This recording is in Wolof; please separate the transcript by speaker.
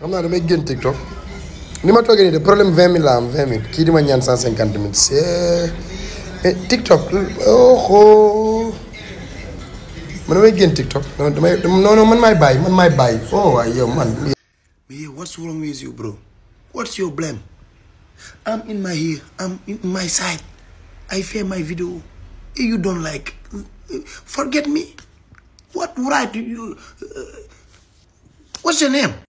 Speaker 1: xam naa damay génn TikTok ni ma toogee nii de problème vingt mille la am vingt mille kii di ma ñaan cent cinquante mille c'est mais TikTok oh, oh. man damay génn TikTok damay non man maay bàyyi man maay bàyyi oh waaye yow man.
Speaker 2: mais your blame I'm in my here I'm in my side I fair my video if you don't like forget me what right you uh, what's your name.